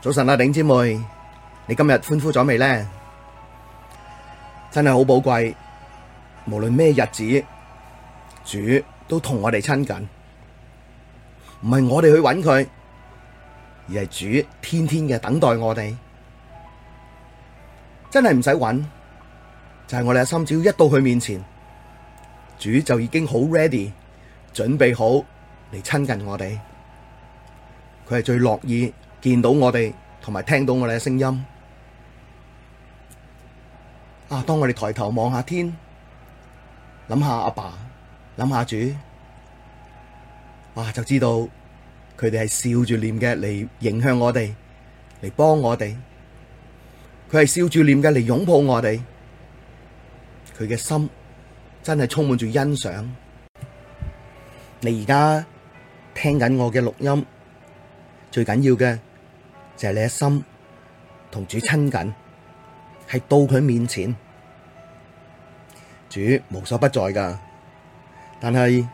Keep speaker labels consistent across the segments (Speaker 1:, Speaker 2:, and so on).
Speaker 1: 早晨啦、啊，頂姊妹，你今日歡呼咗未呢？真係好寶貴，無論咩日子，主都同我哋親近，唔係我哋去搵佢，而係主天天嘅等待我哋，真係唔使搵，就係、是、我哋阿心只要一到佢面前，主就已經好 ready，準備好嚟親近我哋，佢係最樂意。見到我哋，同埋聽到我哋嘅聲音，啊！當我哋抬頭望下天，諗下阿爸，諗下主，哇！就知道佢哋係笑住臉嘅嚟影響我哋，嚟幫我哋。佢係笑住臉嘅嚟擁抱我哋，佢嘅心真係充滿住欣賞。你而家聽緊我嘅錄音，最緊要嘅。就係你嘅心同主親近，係到佢面前，主無所不在噶。但係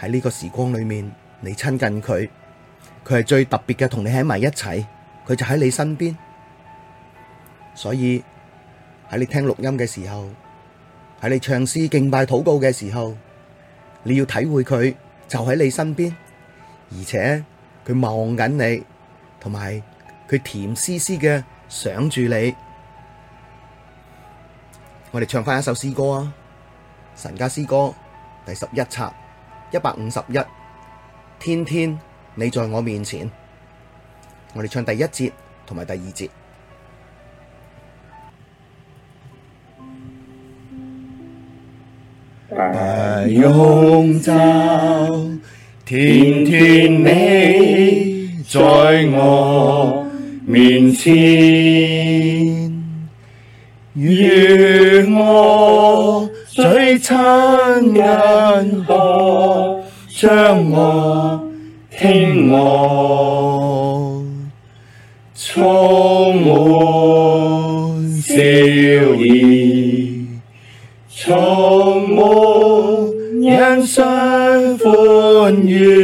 Speaker 1: 喺呢個時光裏面，你親近佢，佢係最特別嘅，同你喺埋一齊，佢就喺你身邊。所以喺你聽錄音嘅時候，喺你唱詩敬拜禱告嘅時候，你要體會佢就喺你身邊，而且佢望緊你，同埋。佢甜絲絲嘅想住你，我哋唱翻一首詩歌啊！神家詩歌第十一冊一百五十一，天天你在我面前，我哋唱第一節同埋第二節。大雄，罩，
Speaker 2: 天天你在我。面前與我最親近看著我聽我充滿笑意，充滿欣賞、歡愉。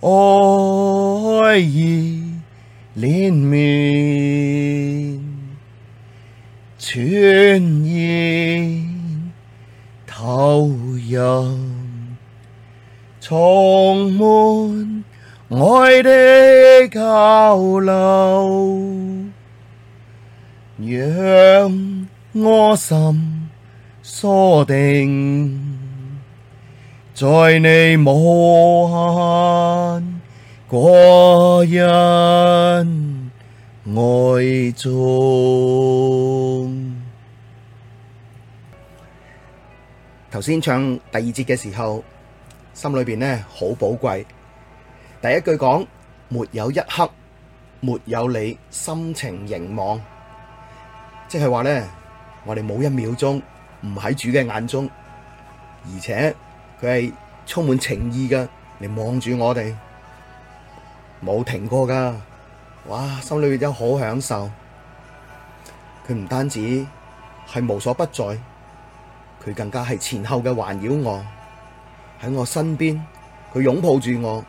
Speaker 2: 愛意連綿，全然投入，充滿愛的交流，讓我心鎖定。在你無限個人
Speaker 1: 愛中，頭先唱第二節嘅時候，心裏邊呢好寶貴。第一句講沒有一刻沒有你，深情凝望，即係話呢，我哋冇一秒鐘唔喺主嘅眼中，而且。佢係充滿情意嘅，嚟望住我哋，冇停過噶，哇！心裏邊真好享受。佢唔單止係無所不在，佢更加係前後嘅環繞我，喺我身邊，佢擁抱住我，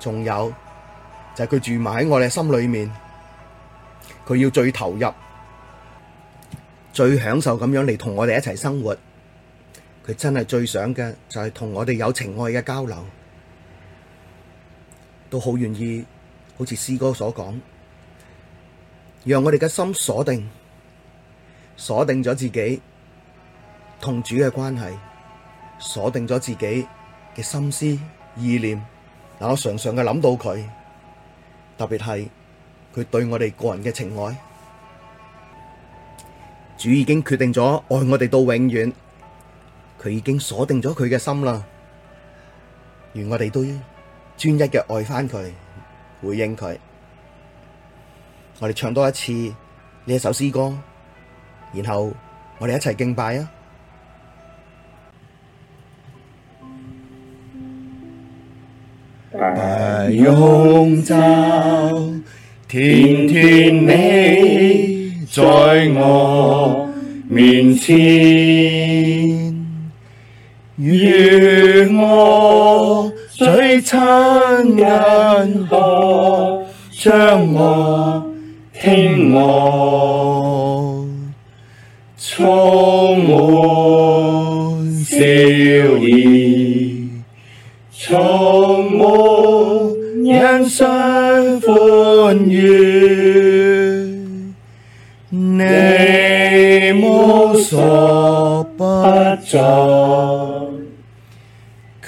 Speaker 1: 仲有就係、是、佢住埋喺我哋心裏面，佢要最投入、最享受咁樣嚟同我哋一齊生活。佢真係最想嘅就係同我哋有情愛嘅交流，都好願意，好似詩歌所講，讓我哋嘅心鎖定，鎖定咗自己同主嘅關係，鎖定咗自己嘅心思意念。嗱，我常常嘅諗到佢，特別係佢對我哋個人嘅情愛，主已經決定咗愛我哋到永遠。佢已經鎖定咗佢嘅心啦，願我哋都專一嘅愛翻佢，回應佢。我哋唱多一次呢一首詩歌，然後我哋一齊敬拜啊！
Speaker 2: 不
Speaker 1: 用找，
Speaker 2: 天天你在我面前。與我最親近看著我、聽我，充滿笑意，充滿欣賞、歡愉，你無所不在。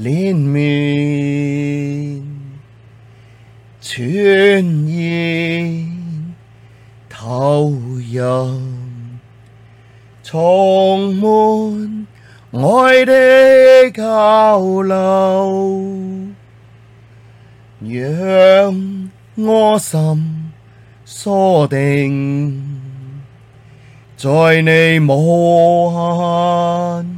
Speaker 2: 臉面全然投入，充滿愛的交流，讓我心鎖定，在你無限。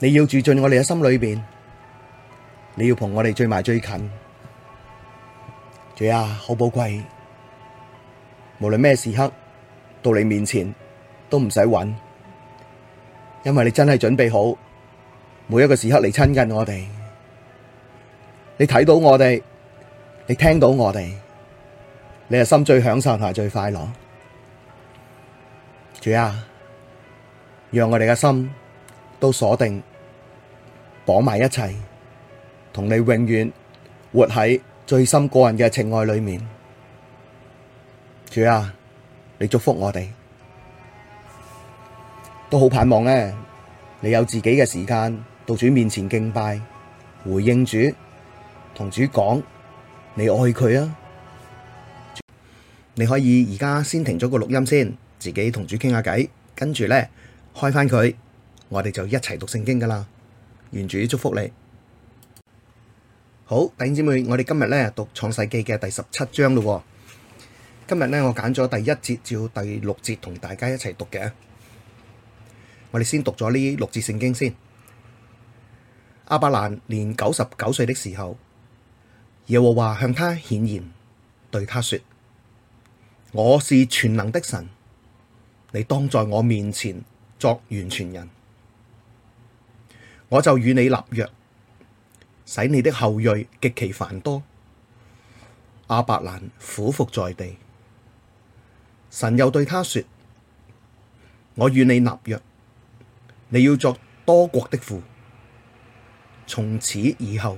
Speaker 1: 你要住進我哋嘅心裏邊，你要同我哋住埋最近，主啊好寶貴，無論咩時刻到你面前都唔使揾，因為你真係準備好每一個時刻嚟親近我哋，你睇到我哋，你聽到我哋，你嘅心最享受，同埋最快樂，主啊，讓我哋嘅心。都鎖定綁埋一齊，同你永遠活喺最深個人嘅情愛裏面。主啊，你祝福我哋都好盼望咧。你有自己嘅時間到主面前敬拜，回應主，同主講你愛佢啊。你可以而家先停咗個錄音先，自己同主傾下偈，跟住咧開翻佢。我哋就一齊讀聖經噶啦，願主祝福你。好，弟兄姊妹，我哋今日咧讀創世記嘅第十七章咯，哦。今日咧，我揀咗第一節至到第六節同大家一齊讀嘅。我哋先讀咗呢六節聖經先。亞伯蘭年九十九歲的時候，耶和華向他顯現，對他說：我是全能的神，你當在我面前作完全人。我就與你立約，使你的後裔極其繁多。亞伯蘭俯伏在地，神又對他說：我與你立約，你要作多國的父。從此以後，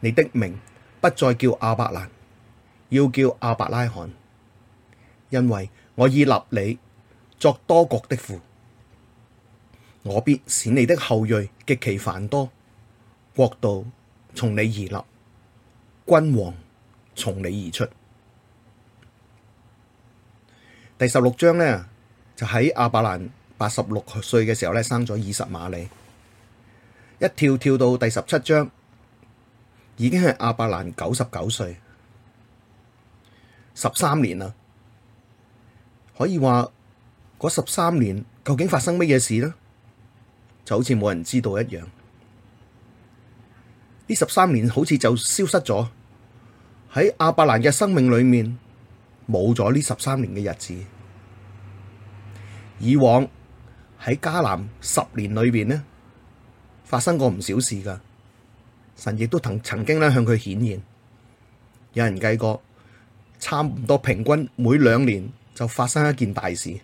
Speaker 1: 你的名不再叫亞伯蘭，要叫亞伯拉罕，因為我已立你作多國的父。我必使你的後裔極其繁多，國度從你而立，君王從你而出。第十六章呢，就喺亞伯蘭八十六歲嘅時候呢，生咗二十馬里。一跳跳到第十七章，已經係亞伯蘭九十九歲，十三年啦。可以話嗰十三年究竟發生乜嘢事呢？就好似冇人知道一樣，呢十三年好似就消失咗喺亞伯蘭嘅生命裏面，冇咗呢十三年嘅日子。以往喺迦南十年裏邊呢，發生過唔少事噶。神亦都曾曾經咧，向佢顯現。有人計過，差唔多平均每兩年就發生一件大事，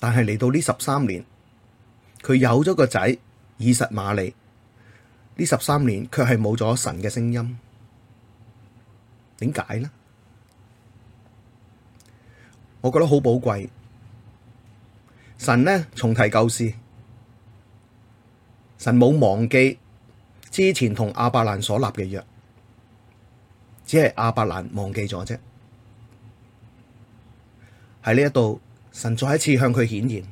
Speaker 1: 但係嚟到呢十三年。佢有咗個仔以實瑪利，呢十三年卻係冇咗神嘅聲音，點解呢？我覺得好寶貴。神呢重提舊事，神冇忘記之前同亞伯蘭所立嘅約，只係亞伯蘭忘記咗啫。喺呢一度，神再一次向佢顯現。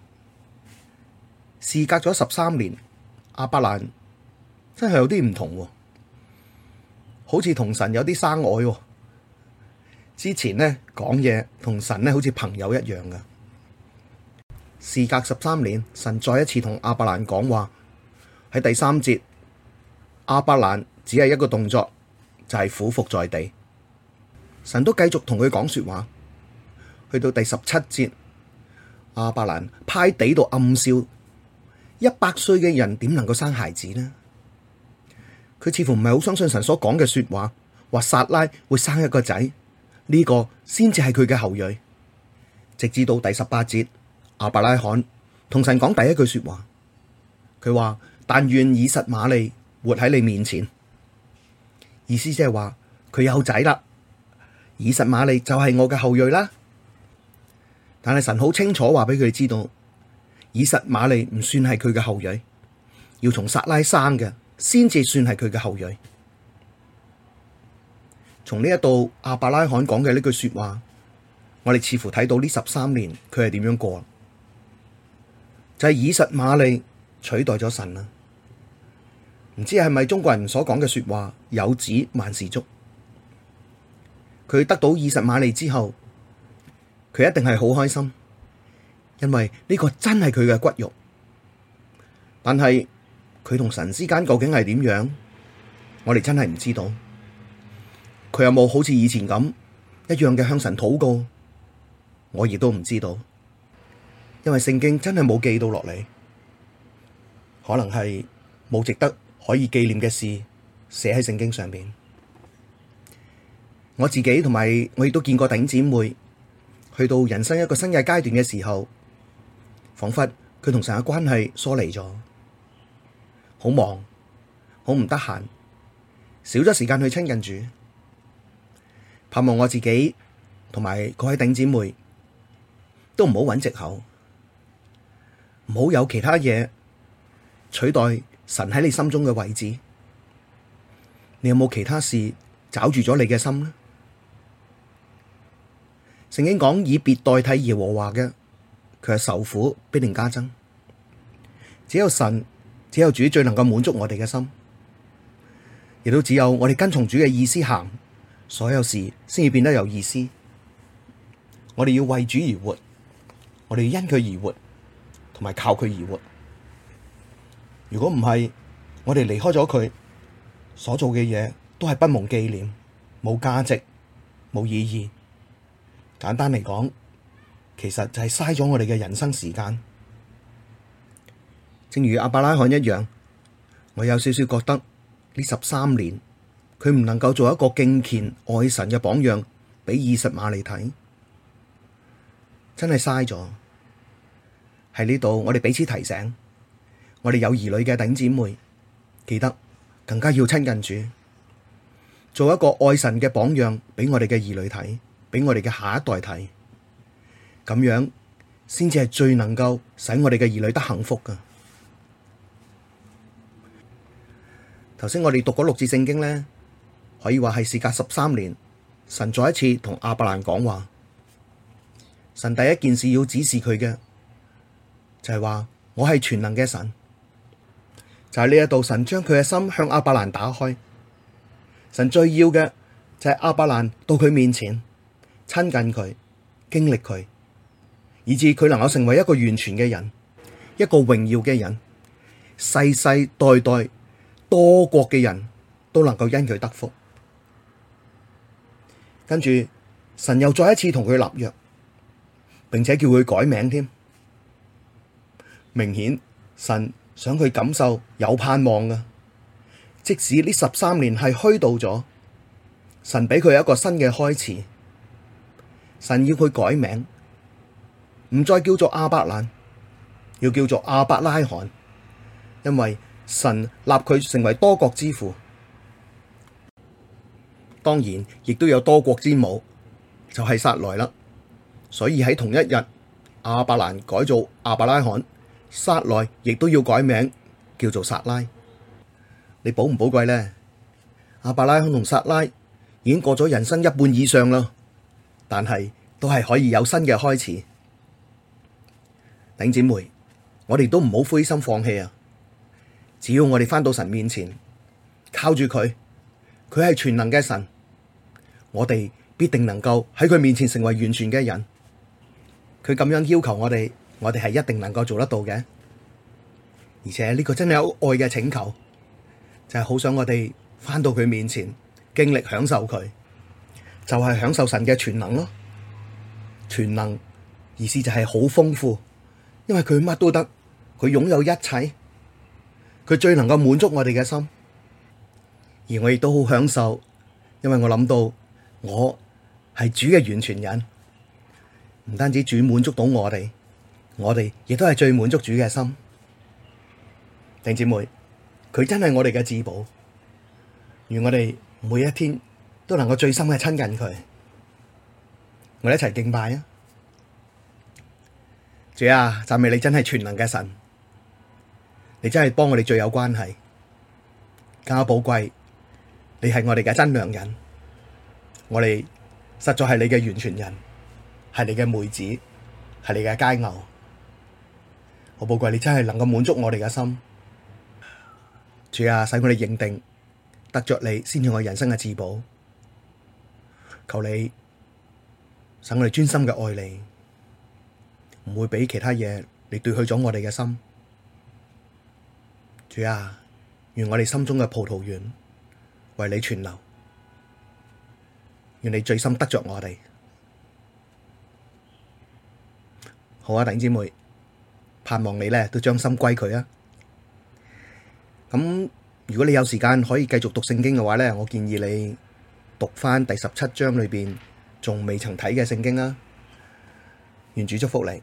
Speaker 1: 事隔咗十三年，亞伯蘭真係有啲唔同，好似同神有啲生愛。之前呢講嘢同神呢好似朋友一樣噶。事隔十三年，神再一次同亞伯蘭講話，喺第三節，亞伯蘭只係一個動作，就係俯伏在地。神都繼續同佢講說話，去到第十七節，亞伯蘭拍地度暗笑。一百歲嘅人點能夠生孩子呢？佢似乎唔係好相信神所講嘅說話，話撒拉會生一個仔，呢個先至係佢嘅後裔。直至到第十八節，亞伯拉罕同神講第一句說話，佢話，但願以實瑪利活喺你面前。意思即係話佢有仔啦，以實瑪利就係我嘅後裔啦。但係神好清楚話俾佢哋知道。以實瑪利唔算係佢嘅後裔，要從撒拉生嘅，先至算係佢嘅後裔。從呢一度亞伯拉罕講嘅呢句說話，我哋似乎睇到呢十三年佢係點樣過，就係、是、以實瑪利取代咗神啦。唔知係咪中國人所講嘅說話，有子萬事足。佢得到以實瑪利之後，佢一定係好開心。因為呢個真係佢嘅骨肉，但係佢同神之間究竟係點樣？我哋真係唔知道。佢有冇好似以前咁一樣嘅向神禱告？我亦都唔知道。因為聖經真係冇記到落嚟，可能係冇值得可以紀念嘅事寫喺聖經上面。我自己同埋我亦都見過弟兄姊妹去到人生一個新嘅階段嘅時候，仿佛佢同神嘅關係疏離咗，好忙，好唔得閒，少咗時間去親近主。盼望我自己同埋各位頂姊妹都唔好揾藉口，唔好有其他嘢取代神喺你心中嘅位置。你有冇其他事找住咗你嘅心咧？聖經講，以別代替耶和華嘅，佢受苦必定加增，只有神、只有主最能夠滿足我哋嘅心，亦都只有我哋跟從主嘅意思行，所有事先至變得有意思。我哋要為主而活，我哋要因佢而活，同埋靠佢而活。如果唔係，我哋離開咗佢所做嘅嘢，都係不蒙紀念，冇價值，冇意義。簡單嚟講。其實就係嘥咗我哋嘅人生時間，正如亞伯拉罕一樣，我有少少覺得呢十三年佢唔能夠做一個敬虔愛神嘅榜樣俾以實瑪利睇，真係嘥咗。喺呢度我哋彼此提醒，我哋有兒女嘅弟兄姊妹，記得更加要親近主，做一個愛神嘅榜樣俾我哋嘅兒女睇，俾我哋嘅下一代睇。咁樣先至係最能夠使我哋嘅兒女得幸福噶。頭先我哋讀過六字聖經咧，可以話係事隔十三年，神再一次同亞伯蘭講話。神第一件事要指示佢嘅就係話我係全能嘅神，就係呢一度神將佢嘅心向亞伯蘭打開。神最要嘅就係亞伯蘭到佢面前親近佢，經歷佢。以至佢能夠成為一個完全嘅人，一個榮耀嘅人，世世代代多國嘅人都能夠因佢得福。跟住神又再一次同佢立約，並且叫佢改名添。明顯神想佢感受有盼望嘅，即使呢十三年係虛度咗，神俾佢有一個新嘅開始，神要佢改名。唔再叫做亞伯蘭，要叫做亞伯拉罕，因為神立佢成為多國之父。當然亦都有多國之母，就係撒萊啦。所以喺同一日，亞伯蘭改做亞伯拉罕，撒萊亦都要改名叫做撒拉。你寶唔寶貴呢？亞伯拉罕同撒拉已經過咗人生一半以上啦，但係都係可以有新嘅開始。頂姐妹，我哋都唔好灰心放棄啊！只要我哋翻到神面前，靠住佢，佢係全能嘅神，我哋必定能夠喺佢面前成為完全嘅人。佢咁樣要求我哋，我哋係一定能夠做得到嘅。而且呢個真係有愛嘅請求，就係、是、好想我哋翻到佢面前，經歷享受佢，就係、是、享受神嘅全能咯。全能，意思就係好豐富。因為佢乜都得，佢擁有一切，佢最能夠滿足我哋嘅心，而我亦都好享受，因為我諗到我係主嘅完全人，唔單止主滿足到我哋，我哋亦都係最滿足主嘅心。弟姐妹，佢真係我哋嘅至寶，願我哋每一天都能夠最深嘅親近佢，我哋一齊敬拜啊！主啊，讚美你真係全能嘅神，你真係幫我哋最有關係，更加寶貴。你係我哋嘅真良人，我哋實在係你嘅完全人，係你嘅妹子，係你嘅佳偶。我寶貴你真係能夠滿足我哋嘅心，主啊，使我哋認定得着你先至我人生嘅至寶。求你使我哋專心嘅愛你。唔會俾其他嘢嚟奪去咗我哋嘅心，主啊，願我哋心中嘅葡萄園為你存留，願你最心得着我哋。好啊，弟兄姊妹，盼望你咧都將心歸佢啊。咁如果你有時間可以繼續讀聖經嘅話咧，我建議你讀翻第十七章裏邊仲未曾睇嘅聖經啊。願主祝福你。